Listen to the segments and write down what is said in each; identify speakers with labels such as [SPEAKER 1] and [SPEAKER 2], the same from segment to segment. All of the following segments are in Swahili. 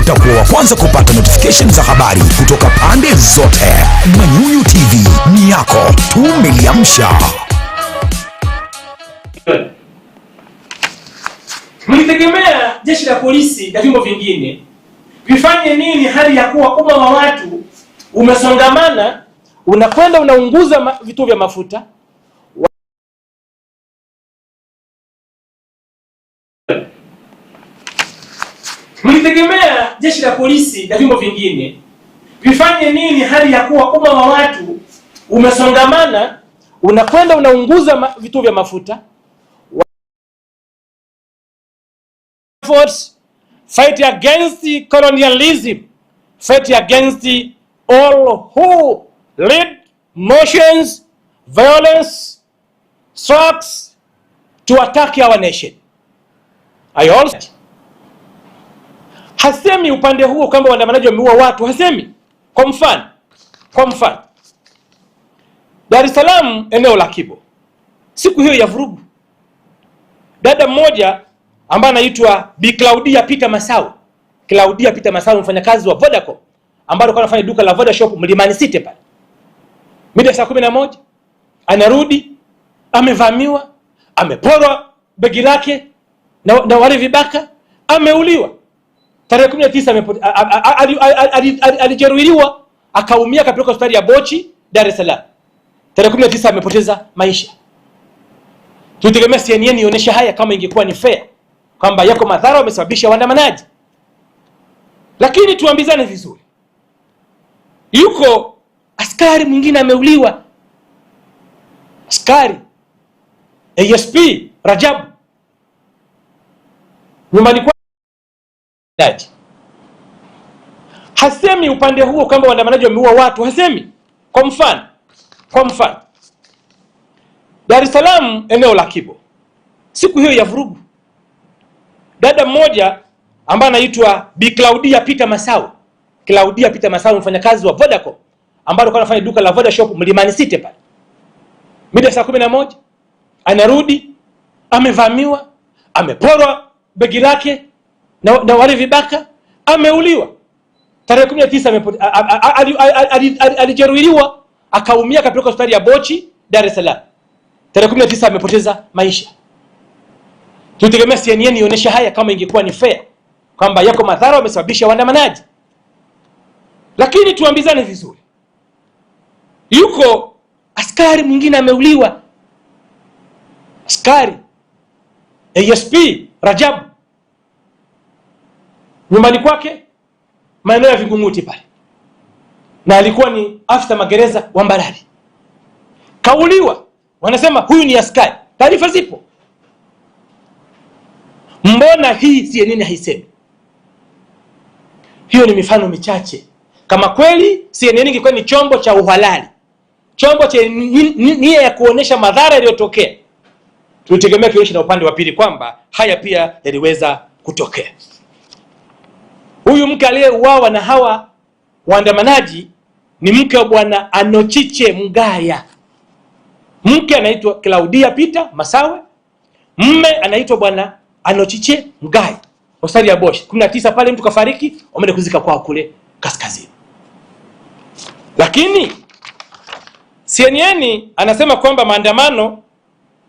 [SPEAKER 1] utakuwa wa kwanza kupata notification za habari kutoka pande zote. Manyunyu TV ni yako, tumeliamsha. Mlitegemea jeshi la polisi na vyombo vingine vifanye nini hali ya kuwa umma wa watu umesongamana, unakwenda unaunguza vituo vya mafuta jeshi la polisi na vyombo vingine vifanye nini hali ya kuwa umma wa watu umesongamana, unakwenda unaunguza vituo vya mafuta
[SPEAKER 2] efforts fight against colonialism fight against all who lead motions violence strikes to attack our nation I also Hasemi upande huo kwamba waandamanaji wameua watu, hasemi. Kwa mfano, kwa mfano Dar es Salaam, eneo la Kibo, siku hiyo ya vurugu, dada mmoja ambaye anaitwa Bi Claudia Peter masau Claudia Peter masau mfanyakazi wa Vodacom ambaye alikuwa anafanya duka la Voda Shop Mlimani City pale, mida saa kumi na moja anarudi, amevamiwa, ameporwa begi lake na, na wale vibaka, ameuliwa tarehe kumi na tisa akaumia akapelekwa hospitali ya Bochi Dar es Salaam. Tarehe 19 amepoteza maisha. tuitegemea CNN ionyeshe haya kama ingekuwa ni fair kwamba yako madhara wamesababisha waandamanaji, lakini tuambizane vizuri, yuko askari mwingine ameuliwa, askari ASP Rajabu nyumbani Daji. Hasemi upande huo kwamba waandamanaji wameua watu, hasemi. Kwa mfano, kwa mfano Dar es Salaam, eneo la Kibo, siku hiyo ya vurugu, dada mmoja ambaye anaitwa Bi Claudia Peter Masau, Claudia Peter Masau, mfanyakazi wa Vodacom ambaye alikuwa anafanya duka la Voda Shop Mlimani City pale, mida saa kumi na moja anarudi, amevamiwa, ameporwa begi lake na, na wale vibaka ameuliwa tarehe 19 alijeruhiwa akaumia akapelekwa hospitali ya Bochi Dar es Salaam. Tarehe 19 amepoteza maisha. tuitegemea CNN ionyeshe haya kama ingekuwa ni fair kwamba yako madhara wamesababisha waandamanaji, lakini tuambizane vizuri, yuko askari mwingine ameuliwa, askari ASP Rajabu nyumbani kwake maeneo ya Vingunguti pale, na alikuwa ni afisa magereza wa Mbarali. Kauliwa, wanasema huyu ni askari, taarifa zipo. Mbona hii CNN haisemi? Hiyo ni mifano michache. Kama kweli CNN ingekuwa ni chombo cha uhalali, chombo cha nia ya kuonyesha madhara yaliyotokea, tulitegemea kionyesha na upande wa pili kwamba haya pia yaliweza kutokea. Huyu mke aliyeuawa na hawa waandamanaji ni mke wa bwana Anochiche Mgaya. Mke anaitwa Claudia Peter Masawe, mme anaitwa bwana Anochiche Mgaya. Hospitali ya Bosch 19 pale mtu kafariki, wameenda kuzika kwao kule kaskazini. Lakini CNN anasema kwamba maandamano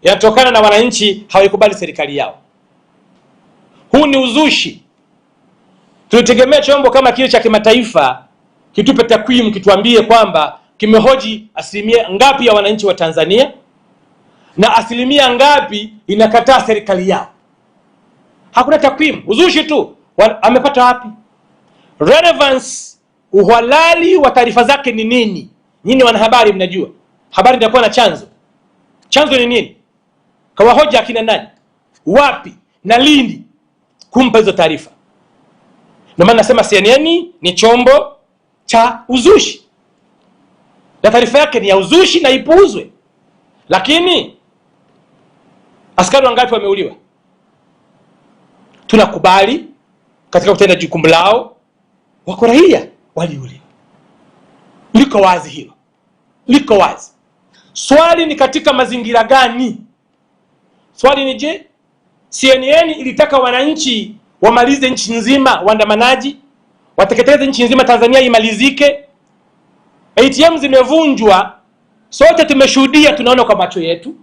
[SPEAKER 2] yanatokana na wananchi hawakubali serikali yao. Huu ni uzushi. Tulitegemea chombo kama kile cha kimataifa kitupe takwimu, kituambie kwamba kimehoji asilimia ngapi ya wananchi wa Tanzania na asilimia ngapi inakataa serikali yao. Hakuna takwimu, uzushi tu. Amepata wapi relevance? Uhalali wa taarifa zake ni nini? Nyinyi wanahabari mnajua, habari ndio na chanzo. Chanzo ni nini? Kawahoja akina nani, wapi na lini kumpa hizo taarifa? Ndio maana nasema CNN ni chombo cha uzushi na taarifa yake ni ya uzushi na ipuuzwe. Lakini askari wangapi wameuliwa? Tunakubali katika kutenda jukumu lao, wako raia waliuliwa, liko wazi hilo, liko wazi. Swali ni katika mazingira gani? Swali ni je, CNN ilitaka wananchi wamalize nchi nzima waandamanaji, wateketeze nchi nzima, Tanzania imalizike. ATM zimevunjwa, sote tumeshuhudia, tunaona kwa macho yetu,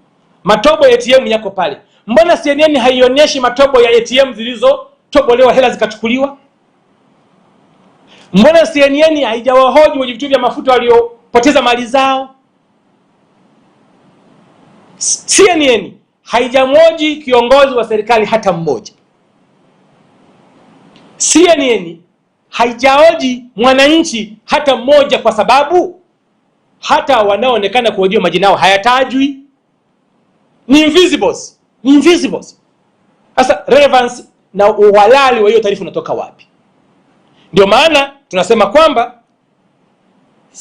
[SPEAKER 2] matobo ya ATM yako pale. Mbona CNN haionyeshi matobo ya ATM zilizotobolewa hela zikachukuliwa? Mbona CNN haijawahoji wenye vituo vya mafuta waliopoteza mali zao? CNN haijamwoji kiongozi wa serikali hata mmoja. CNN haijaoji mwananchi hata mmoja, kwa sababu hata wanaoonekana kuhojiwa majina yao hayatajwi, ni invisibles, ni invisibles. Sasa relevance na uhalali wa hiyo taarifa unatoka wapi? Ndio maana tunasema kwamba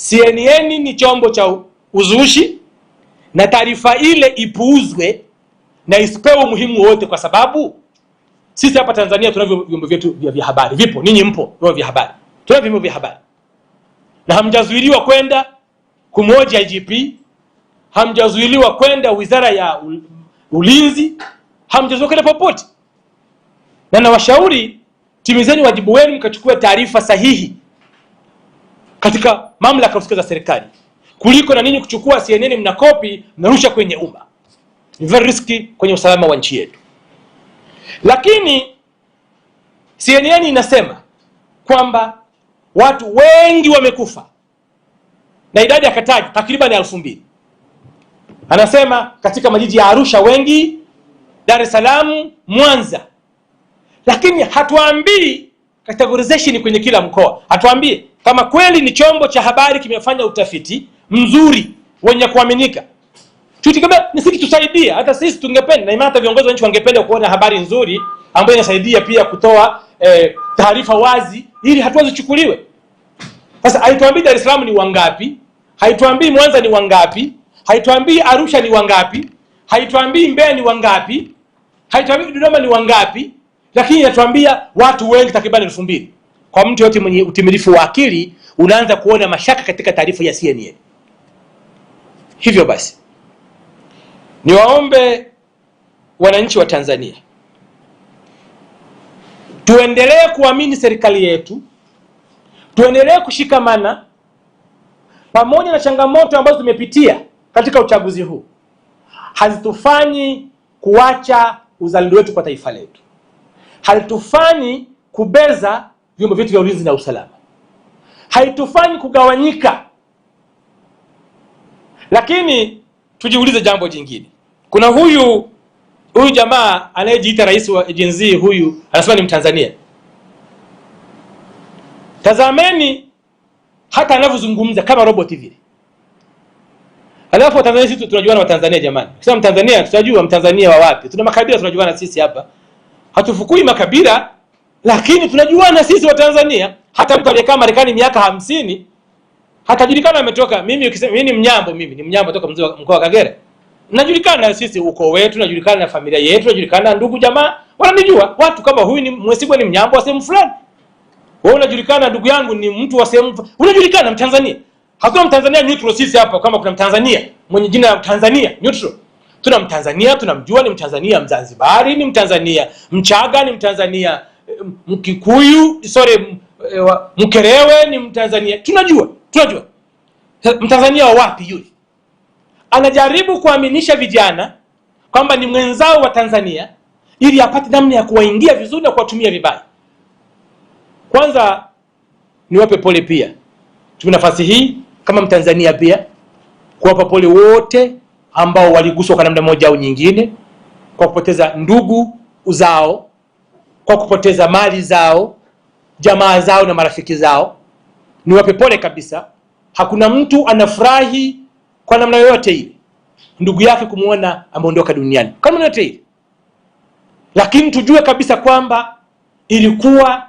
[SPEAKER 2] CNN ni chombo cha uzushi na taarifa ile ipuuzwe na isipewe umuhimu wowote, kwa sababu sisi hapa Tanzania tunavyo vyombo vyetu vya habari, vipo, ninyi mpo vyombo vya habari, tunavyo vyombo vya habari na hamjazuiliwa kwenda kumoja IGP, hamjazuiliwa kwenda wizara ya ulinzi, hamjazuiliwa kwenda popote, na nawashauri timizeni wajibu wenu, mkachukua taarifa sahihi katika mamlaka husika za serikali kuliko na ninyi kuchukua CNN mnakopi mnarusha kwenye umma. Ni very risky kwenye usalama wa nchi yetu. Lakini CNN inasema kwamba watu wengi wamekufa na idadi ya kataji takriban elfu mbili. Anasema katika majiji ya Arusha wengi, Dar es Salaam, Mwanza, lakini hatuambii categorization kwenye kila mkoa. Hatuambie kama kweli ni chombo cha habari kimefanya utafiti mzuri wenye kuaminika chuo ni siki tusaidia hata sisi tungependa, na imata viongozi wa nchi wangependa kuona habari nzuri ambayo inasaidia pia kutoa eh, taarifa wazi ili hatua zichukuliwe. Sasa haituambii Dar es Salaam ni wangapi, haituambii Mwanza ni wangapi, haituambii Arusha ni wangapi, haituambii Mbeya ni wangapi, haituambii Dodoma ni wangapi, lakini inatuambia watu wengi takriban elfu mbili. Kwa mtu yote mwenye utimilifu wa akili unaanza kuona mashaka katika taarifa ya CNN. Hivyo basi Niwaombe wananchi wa Tanzania tuendelee kuamini serikali yetu, tuendelee kushikamana pamoja na changamoto ambazo tumepitia katika uchaguzi huu hazitufanyi kuacha uzalendo wetu kwa taifa letu, haitufanyi kubeza vyombo vyetu vya ulinzi na usalama, haitufanyi kugawanyika, lakini tujiulize jambo jingine. Kuna huyu huyu jamaa anayejiita rais wa Gen huyu anasema ni Mtanzania. Tazameni hata anavyozungumza kama robot vile. Alafu Watanzania sisi tunajuana Watanzania jamani. Kisema Mtanzania tunajua Mtanzania wa wapi? Tuna makabila tunajuana sisi hapa. Hatufukui makabila lakini tunajuana sisi Watanzania. Hata mtu aliyekaa Marekani miaka hamsini hatajulikana ametoka. Mimi ukisema mimi ni Mnyambo, mimi ni Mnyambo toka mkoa wa Kagera, najulikana sisi uko wetu, najulikana na familia yetu, najulikana na ndugu jamaa wananijua. Watu kama huyu ni Mwesigwa, ni Mnyambo wa sehemu fulani, wewe unajulikana, ndugu yangu ni mtu wa sehemu, unajulikana Mtanzania. Hakuna Mtanzania neutral sisi hapa. Kama kuna Mtanzania mwenye jina la Tanzania neutral, tuna Mtanzania tunamjua, ni Mtanzania Mzanzibari, ni Mtanzania Mchaga, ni Mtanzania eh, Mkikuyu, sorry, eh, Mkerewe, ni Mtanzania tunajua tunajua mtanzania wa wapi yule anajaribu kuaminisha vijana kwamba ni mwenzao wa tanzania ili apate namna ya kuwaingia vizuri na kuwatumia vibaya kwanza niwape pole pia tumia nafasi hii kama mtanzania pia kuwapa pole wote ambao waliguswa kwa namna moja au nyingine kwa kupoteza ndugu zao kwa kupoteza mali zao jamaa zao na marafiki zao niwape pole kabisa, hakuna mtu anafurahi kwa namna yoyote ile ndugu yake kumwona ameondoka duniani kwa namna yoyote ile, lakini tujue kabisa kwamba ilikuwa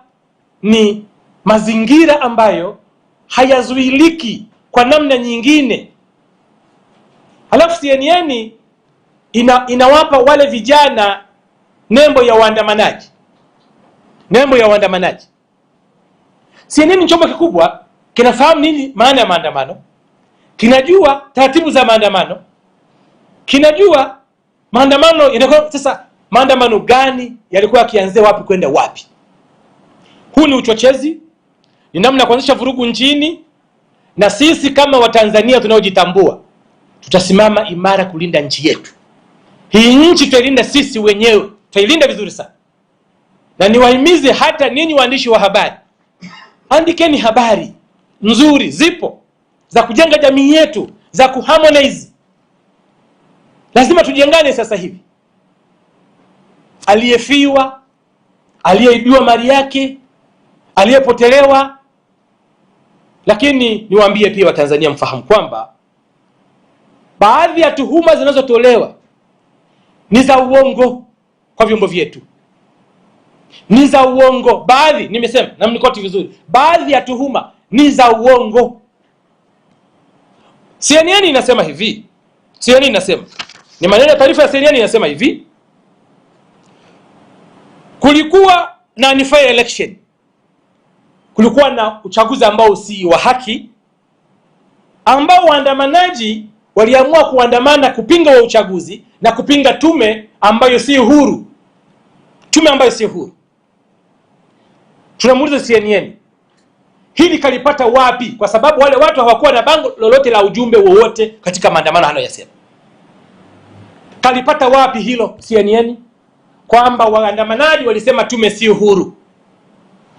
[SPEAKER 2] ni mazingira ambayo hayazuiliki kwa namna nyingine. Halafu CNN ina, inawapa wale vijana nembo ya waandamanaji nembo ya waandamanaji CNN ni chombo kikubwa, kinafahamu nini maana ya maandamano, kinajua taratibu za maandamano, kinajua maandamano yanakuwa sasa, maandamano gani yalikuwa yakianzia wapi kwenda wapi. Huu ni uchochezi, ni namna ya kuanzisha vurugu nchini, na sisi kama Watanzania tunaojitambua tutasimama imara kulinda nchi yetu. Hii nchi tutailinda sisi wenyewe, tutailinda vizuri sana, na niwahimize hata ninyi waandishi wa habari andikeni habari nzuri, zipo za kujenga jamii yetu, za kuharmonize. Lazima tujengane sasa hivi. Aliyefiwa, aliyeibiwa mali yake, aliyepotelewa. Lakini niwaambie pia Watanzania mfahamu kwamba baadhi ya tuhuma zinazotolewa ni za uongo kwa vyombo vyetu ni za uongo. Baadhi nimesema na mnikoti vizuri, baadhi ya tuhuma ni za uongo. CNN inasema hivi, CNN inasema ni maneno ya taarifa ya CNN inasema hivi, kulikuwa na unfair election, kulikuwa na uchaguzi ambao si wa haki, ambao waandamanaji waliamua kuandamana kupinga wa uchaguzi na kupinga tume ambayo si huru, tume ambayo si huru tunamuuliza CNN hili kalipata wapi? Kwa sababu wale watu hawakuwa na bango lolote la ujumbe wowote katika maandamano anayoyasema. Kalipata wapi hilo CNN, kwamba waandamanaji walisema tume si huru?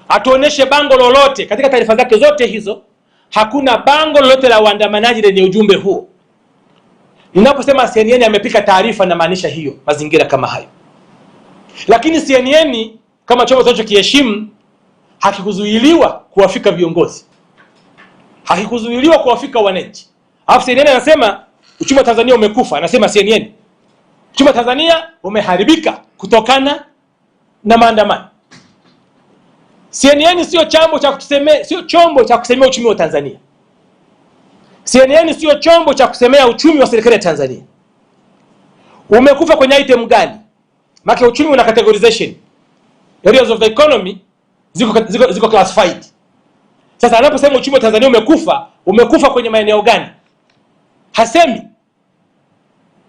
[SPEAKER 2] Atuoneshe bango lolote. Katika taarifa zake zote hizo hakuna bango lolote la waandamanaji lenye ujumbe huo. Ninaposema CNN amepika taarifa, namaanisha hiyo mazingira kama hayo, lakini CNN kama chombo tunachokiheshimu hakikuzuiliwa kuwafika viongozi, hakikuzuiliwa kuwafika wananchi. Alafu CNN anasema uchumi wa Tanzania umekufa, anasema CNN uchumi wa Tanzania umeharibika kutokana na maandamano. CNN sio chombo cha kutusemea, sio chombo cha kusemea uchumi wa Tanzania. CNN sio chombo cha kusemea uchumi wa serikali ya Tanzania. Umekufa kwenye item gani? Maana uchumi una categorization. Areas of the economy ziko, ziko, ziko classified. Sasa anaposema uchumi wa Tanzania umekufa, umekufa kwenye maeneo gani? Hasemi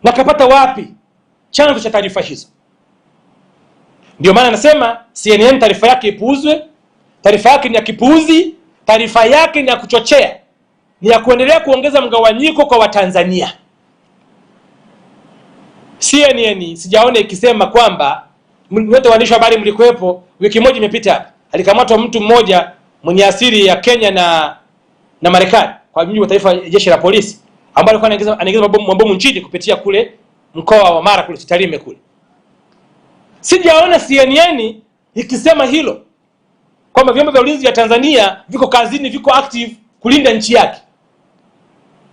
[SPEAKER 2] nakapata wapi chanzo cha taarifa hizo? Ndio maana anasema CNN taarifa yake ipuuzwe, taarifa yake ni ya kipuuzi, taarifa yake ni ya kuchochea, ni ya kuendelea kuongeza mgawanyiko kwa Watanzania. CNN sijaona ikisema kwamba wote waandishi wa habari mlikuwepo, wiki moja imepita alikamatwa mtu mmoja mwenye asili ya Kenya na na Marekani kwa mjibu wa taifa jeshi la polisi, ambaye alikuwa anaingiza anaingiza mabomu nchini kupitia kule mkoa wa Mara kule sitalime kule. Sijaona CNN ikisema hilo kwamba vyombo vya ulinzi vya Tanzania viko kazini, viko active kulinda nchi yake.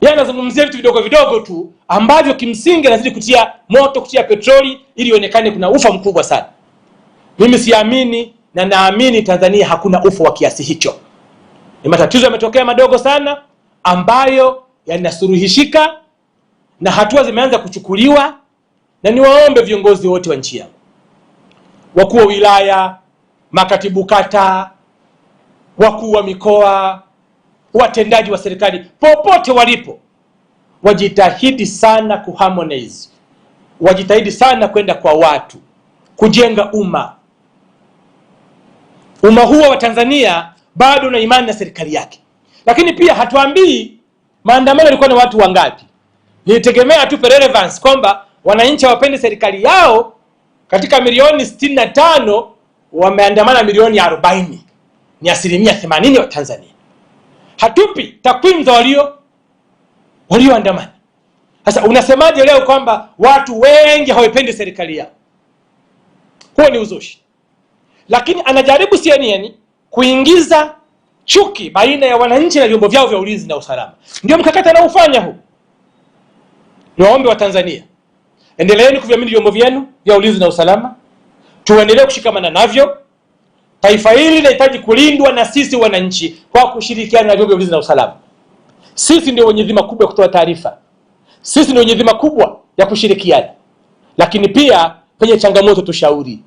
[SPEAKER 2] Yeye anazungumzia vitu vidogo vidogo tu ambavyo kimsingi anazidi kutia moto, kutia petroli ili ionekane kuna ufa mkubwa sana. Mimi siamini na naamini Tanzania hakuna ufa wa kiasi hicho. Ni matatizo yametokea madogo sana ambayo yanasuruhishika na hatua zimeanza kuchukuliwa, na niwaombe viongozi wote wa nchi yangu, wakuu wa wilaya, makatibu kata, wakuu wa mikoa, watendaji wa serikali popote walipo, wajitahidi sana kuharmonize, wajitahidi sana kwenda kwa watu, kujenga umma Umma huo wa Tanzania bado una imani na serikali yake, lakini pia hatuambii maandamano yalikuwa na watu wangapi. nitegemea tu relevance kwamba wananchi hawapende serikali yao, katika milioni sitini na tano wameandamana milioni arobaini ni asilimia themanini wa Tanzania. Hatupi takwimu za walio walioandamana. Sasa unasemaje leo kwamba watu wengi hawapendi serikali yao? Huo ni uzushi lakini anajaribu CNN kuingiza chuki baina ya wananchi na vyombo vyao vya ulinzi na usalama. Ndio mkakati anaofanya huu. Niwaombe wa Tanzania, endeleeni kuviamini vyombo vyenu vya ulinzi na usalama, tuendelee kushikamana navyo. Taifa hili linahitaji kulindwa na sisi wananchi kwa kushirikiana na vyombo vya ulinzi na usalama. Sisi ndio wenye dhima kubwa ya kutoa taarifa, sisi ndio wenye dhima kubwa ya kushirikiana, lakini pia kwenye changamoto tushauri,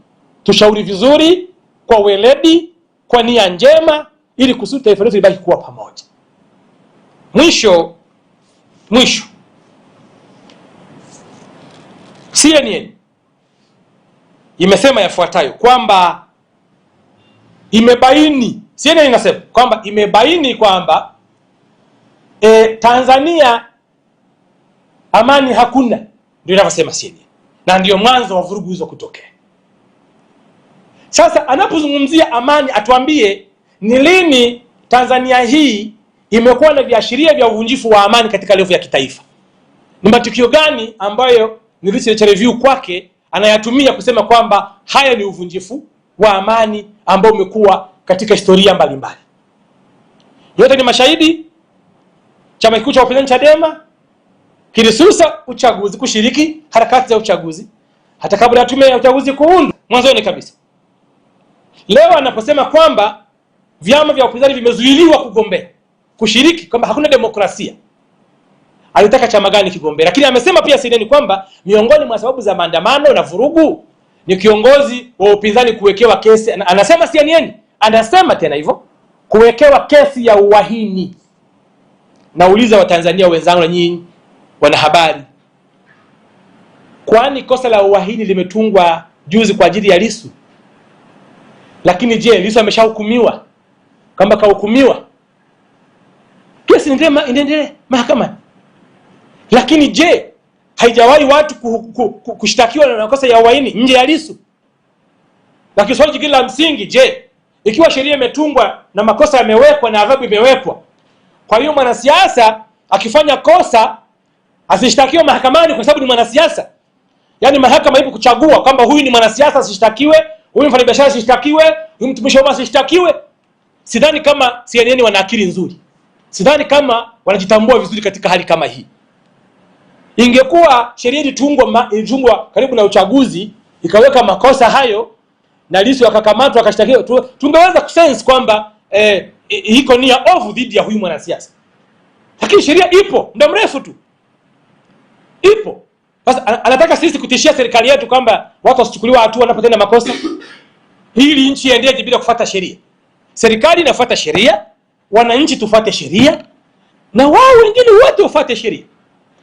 [SPEAKER 2] tushauri vizuri kwa weledi, kwa nia njema, ili kusudi taifa letu libaki kuwa pamoja. Mwisho mwisho, CNN imesema yafuatayo kwamba imebaini, CNN inasema kwamba imebaini kwamba e, Tanzania amani hakuna, ndio inavyosema CNN, na ndio mwanzo wa vurugu hizo kutokea. Sasa anapozungumzia amani, atuambie ni lini Tanzania hii imekuwa na viashiria vya uvunjifu wa amani katika levu ya kitaifa? Ni matukio gani ambayo ni research review kwake anayatumia kusema kwamba haya ni uvunjifu wa amani ambao umekuwa katika historia mbalimbali? Yote ni mashahidi. Chama kikuu cha upinzani Chadema kilisusa uchaguzi, kushiriki harakati za uchaguzi hata kabla ya tume ya uchaguzi kuundwa mwanzoni kabisa. Leo anaposema kwamba vyama vya upinzani vimezuiliwa kugombea kushiriki, kwamba hakuna demokrasia, alitaka chama gani kigombea? Lakini amesema pia Sineni kwamba miongoni mwa sababu za maandamano na vurugu ni kiongozi wa upinzani kuwekewa kesi. Anasema CNN, anasema tena hivyo kuwekewa kesi ya uwahini Nauliza Watanzania wenzangu na nyinyi wanahabari, kwani kosa la uwahini limetungwa juzi kwa ajili ya lisu lakini je, Lissu ameshahukumiwa? kamba kahukumiwa, kesi inaendelee mahakamani. Lakini je, haijawahi watu kushtakiwa na makosa ya waini nje ya lisu Lakini swali jingine la msingi, je, ikiwa sheria imetungwa na makosa yamewekwa na adhabu imewekwa, kwa hiyo mwanasiasa akifanya kosa asishtakiwe mahakamani kwa sababu ni mwanasiasa? Yaani mahakama ipo kuchagua kwamba huyu ni mwanasiasa asishtakiwe huyu mfanyabiashara sishtakiwe, huyu mtumishi wa sishtakiwe. Sidhani kama CNN wana akili nzuri, sidhani kama wanajitambua vizuri katika hali kama hii. Ingekuwa sheria ilitungwa ilitungwa karibu na uchaguzi ikaweka makosa hayo na lisi wakakamatwa akashtakiwa, tungeweza kusense kwamba eh, iko nia ovu dhidi ya huyu mwanasiasa, lakini sheria ipo muda mrefu tu ipo. Sasa anataka sisi kutishia serikali yetu kwamba watu wasichukuliwa hatua wanapotenda makosa, hili nchi iendeje bila kufuata sheria? Serikali inafuata sheria, wananchi tufuate sheria, na wao wengine wote wafuate sheria.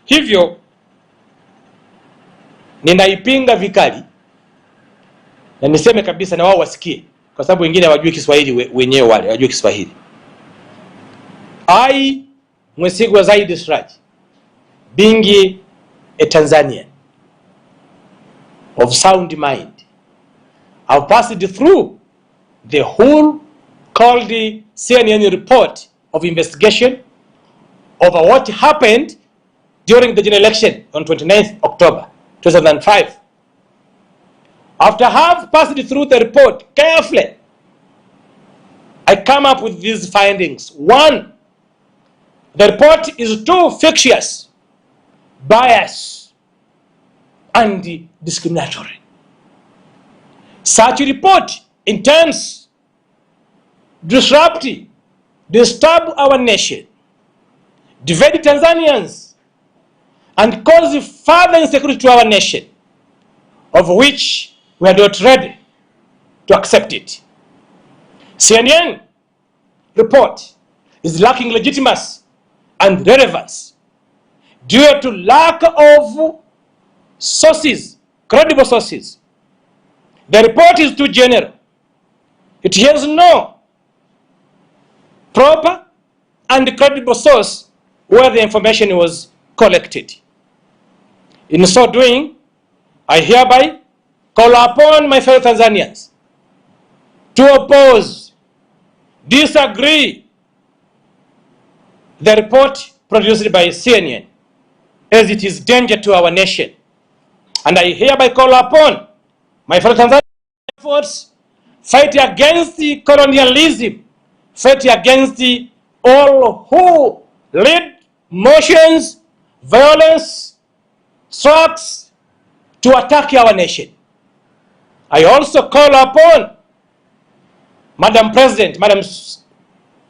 [SPEAKER 2] Hivyo ninaipinga vikali na niseme kabisa, na wao wasikie, kwa sababu wengine hawajui Kiswahili we, wenyewe wale hawajui Kiswahili. ai Mwesigwa zaidi Siraj Bingi a Tanzanian of sound mind. I've passed through the whole called the CNN report of investigation over what happened during the general election on 29th October 2005. After have passed through the report carefully, I come up with these findings. One, the report is too fictitious bias and discriminatory. Such report intends disrupt, disturb our nation, divide Tanzanians, and cause further insecurity to our nation, of which we are not ready to accept it. CNN report is lacking legitimacy and relevance due to lack of sources, credible sources. The report is too general. It has no proper and credible source where the information was collected. In so doing, I hereby call upon my fellow Tanzanians to oppose, disagree the report produced by CNN as it is danger to our nation. And I hereby call upon my fellow Tanzanian efforts, fight against the colonialism, fight against the all who lead motions, violence, strikes to attack our nation. I also call upon Madam President, Madam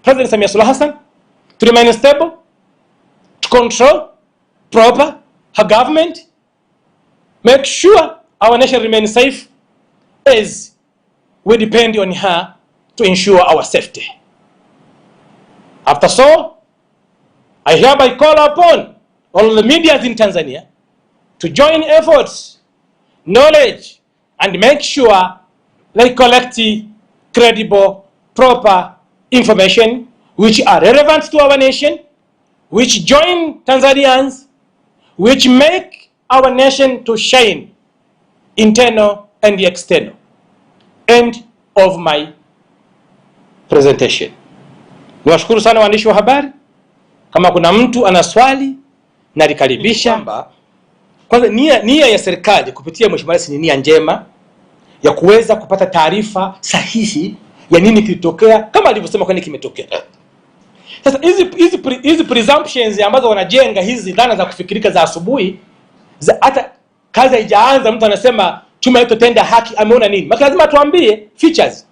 [SPEAKER 2] President Samia Suluhu Hassan to remain stable, to control proper, her government, make sure our nation remains safe as we depend on her to ensure our safety. After so, I hereby call upon all the medias in Tanzania to join efforts, knowledge, and make sure they collect credible, proper information which are relevant to our nation, which join Tanzanians which make our nation to shine internal and external. End of my presentation. Niwashukuru sana waandishi wa habari. Kama kuna mtu ana swali nalikaribisha. Kwanza, nia, nia ya serikali kupitia mweshimua Rais ni nia njema ya kuweza kupata taarifa sahihi ya nini kilitokea, kama alivyosema kwani kimetokea sasa hizi hizi hizi presumptions ambazo wanajenga hizi dhana za kufikirika za asubuhi, hata kazi haijaanza mtu anasema tume haitotenda haki, ameona nini? Maana lazima tuambie features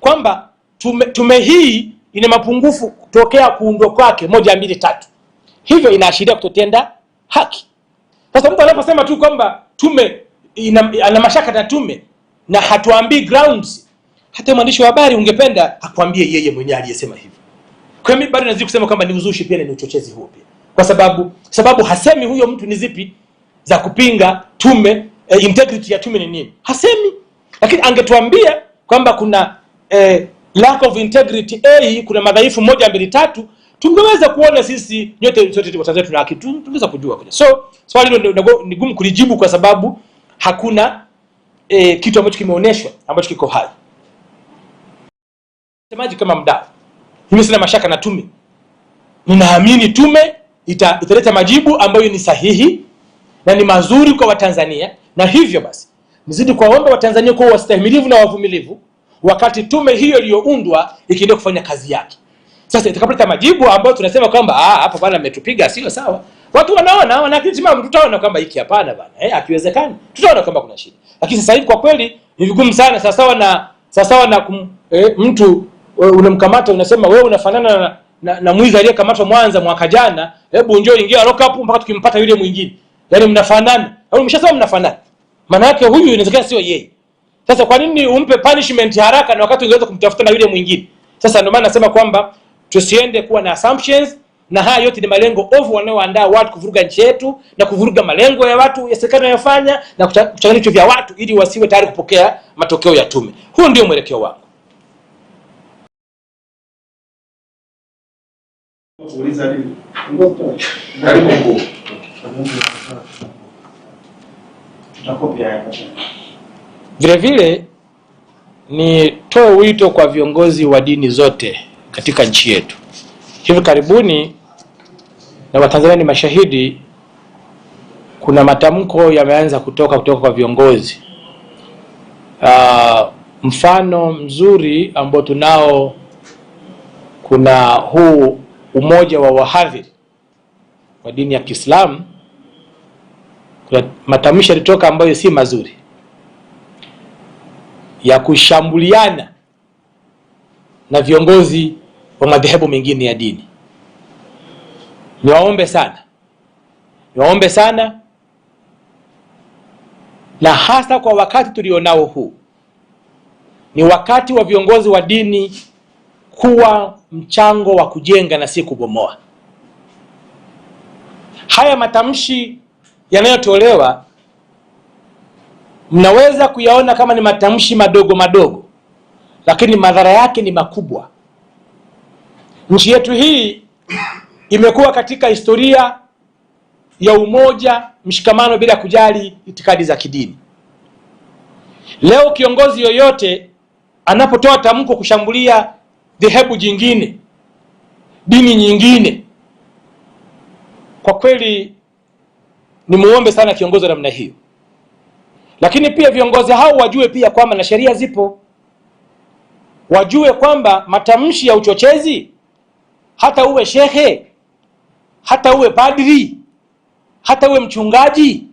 [SPEAKER 2] kwamba tume, tume hii ina mapungufu kutokea kuundwa kwake, moja mbili tatu, hivyo inaashiria kutotenda haki. Sasa mtu anaposema tu kwamba tume ana mashaka na tume na hatuambii grounds, hata mwandishi wa habari ungependa akwambie yeye mwenyewe aliyesema hivyo. Kwa mimi bado nazidi kusema kwamba ni uzushi pia, ni uchochezi huo pia, kwa sababu sababu hasemi huyo mtu ni zipi za kupinga tume e, integrity ya tume ni nini, hasemi. Lakini angetuambia kwamba kuna e, lack of integrity a, kuna madhaifu moja mbili tatu, tungeweza kuona sisi nyote sote wa Tanzania tuna haki, tungeweza kujua kwa So swali hilo ni gumu kulijibu kwa sababu hakuna e, kitu ambacho kimeoneshwa ambacho kiko hai. semaji kama mdau mimi sina mashaka na tume, ninaamini tume ita, italeta majibu ambayo ni sahihi na ni mazuri kwa Watanzania, na hivyo basi nizidi kuwaomba Watanzania kuwa wastahimilivu na wavumilivu wakati tume hiyo iliyoundwa ikiendelea kufanya kazi yake. Sasa itakapoleta majibu ambayo tunasema kwamba ah, hapa bwana ametupiga sio sawa, watu wanaona wana akili timamu, tutaona kwamba hiki hapana bwana eh, akiwezekani tutaona kwamba kuna shida. Lakini sasa hivi kwa kweli ni vigumu sana, sawa sawa na sawa sawa na kum, eh, mtu unamkamata unasema wewe unafanana na, na, na mwizi aliyekamatwa Mwanza mwaka jana, hebu njoo ingia lockup mpaka tukimpata yule mwingine. Yaani mnafanana au yaani umeshasema mnafanana, maana yake huyu inawezekana sio yeye. Sasa kwa nini umpe punishment haraka na wakati ungeweza kumtafuta na yule mwingine? Sasa ndio maana nasema kwamba tusiende kuwa na assumptions na haya yote ni malengo ovu wanayoandaa watu kuvuruga nchi yetu na kuvuruga malengo ya watu ya serikali inayofanya na kuchanganya vichwa vya watu ili wasiwe tayari kupokea matokeo ya tume. Huo ndio mwelekeo wao. Uliza nini? Karibu mkuu. Vilevile nitoe wito kwa viongozi wa dini zote katika nchi yetu. Hivi karibuni, na Watanzania ni mashahidi, kuna matamko yameanza kutoka kutoka kwa viongozi. Uh, mfano mzuri ambao tunao kuna huu umoja wa wahadhiri wa dini ya Kiislamu, kuna matamshi yalitoka ambayo si mazuri ya kushambuliana na viongozi wa madhehebu mengine ya dini. Niwaombe sana, niwaombe sana, na hasa kwa wakati tulionao huu, ni wakati wa viongozi wa dini kuwa mchango wa kujenga na si kubomoa. Haya matamshi yanayotolewa mnaweza kuyaona kama ni matamshi madogo madogo, lakini madhara yake ni makubwa. Nchi yetu hii imekuwa katika historia ya umoja, mshikamano bila kujali itikadi za kidini. Leo kiongozi yoyote anapotoa tamko kushambulia dhehebu jingine, dini nyingine. Kwa kweli ni muombe sana kiongozi namna hiyo, lakini pia viongozi hao wajue pia kwamba na sheria zipo, wajue kwamba matamshi ya uchochezi, hata uwe shehe, hata uwe padri, hata uwe mchungaji,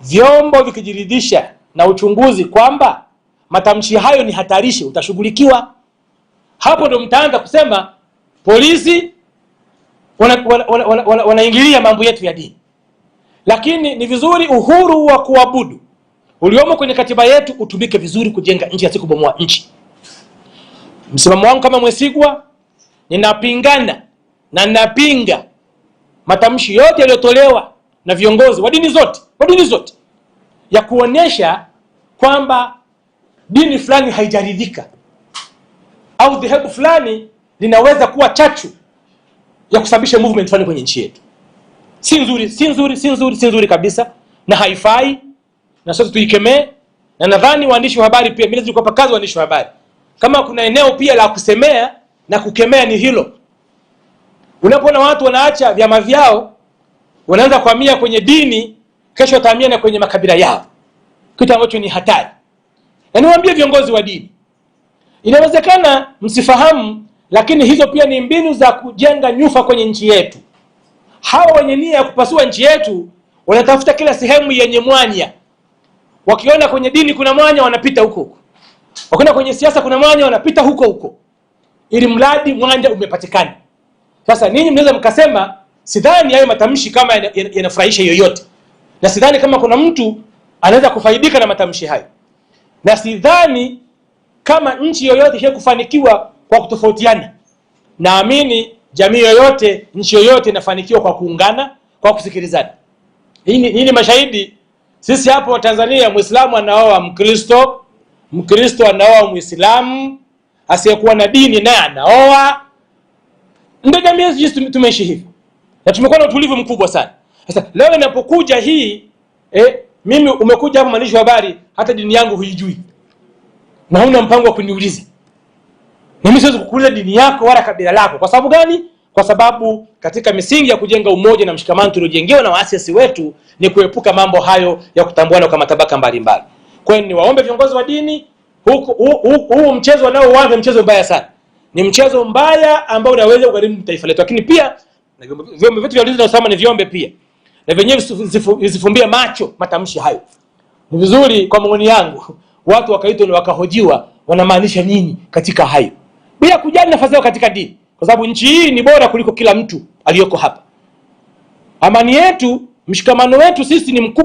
[SPEAKER 2] vyombo vikijiridhisha na uchunguzi kwamba matamshi hayo ni hatarishi, utashughulikiwa hapo ndo mtaanza kusema polisi wanaingilia wana, wana, wana, wana mambo yetu ya dini. Lakini ni vizuri uhuru wa kuabudu uliomo kwenye katiba yetu utumike vizuri kujenga nchi, asikubomoa nchi. Msimamo wangu kama Mwesigwa, ninapingana na napinga matamshi yote yaliyotolewa na viongozi wa dini zote wa dini zote ya kuonesha kwamba dini fulani haijaridhika au dhehebu fulani linaweza kuwa chachu ya kusababisha movement fulani kwenye nchi yetu. Si nzuri, si nzuri, si nzuri, si nzuri kabisa, na haifai, na sote tuikemee. Na nadhani waandishi wa habari pia, mimi nilikuwa kazi waandishi wa habari, kama kuna eneo pia la kusemea na kukemea ni hilo. Unapoona watu wanaacha vyama vyao wanaanza kuhamia kwenye dini, kesho wataamia na kwenye makabila yao, kitu ambacho ni hatari, na niwaambie viongozi wa dini Inawezekana msifahamu, lakini hizo pia ni mbinu za kujenga nyufa kwenye nchi yetu. Hawa wenye nia ya kupasua nchi yetu wanatafuta kila sehemu yenye mwanya. Wakiona kwenye dini kuna mwanya, wanapita huko huko. Wakiona kwenye siasa kuna mwanya, wanapita huko huko, ili mradi mwanja umepatikana. Sasa ninyi mnaweza mkasema, sidhani hayo matamshi kama yanafurahisha yoyote, na sidhani kama kuna mtu anaweza kufaidika na matamshi hayo, na sidhani kama nchi yoyote ishawahi kufanikiwa kwa kutofautiana, naamini jamii yoyote, nchi yoyote inafanikiwa kwa kuungana, kwa kusikilizana. Hii ni mashahidi sisi hapo Tanzania. Muislamu anaoa Mkristo, Mkristo anaoa Muislamu, asiyekuwa na dini naye anaoa. Ndio jamii sisi tumeishi hivi na tumekuwa na utulivu mkubwa sana. Sasa leo inapokuja hii eh, mimi umekuja hapo mwandishi wa habari, hata dini yangu huijui na huna mpango wa kuniuliza, na mimi siwezi kukuuliza dini yako wala kabila lako. Kwa sababu gani? Kwa sababu katika misingi ya kujenga umoja na mshikamano tuliojengewa na waasisi wetu ni kuepuka mambo hayo ya kutambuana kwa matabaka mbalimbali. Kwa hiyo niwaombe viongozi wa dini, huu mchezo wanaouanza mchezo mbaya sana, ni mchezo mbaya ambao unaweza kugharimu taifa letu, lakini pia vyombo vyetu vya ulinzi na usalama ni vyombe pia, na vyenyewe visifumbie macho matamshi hayo. Ni vizuri kwa maoni yangu watu wakaitwa na wakahojiwa wanamaanisha nini katika hayo, bila kujali nafasi yao katika dini, kwa sababu nchi hii ni bora kuliko kila mtu aliyoko hapa. Amani yetu, mshikamano wetu sisi ni mkubwa.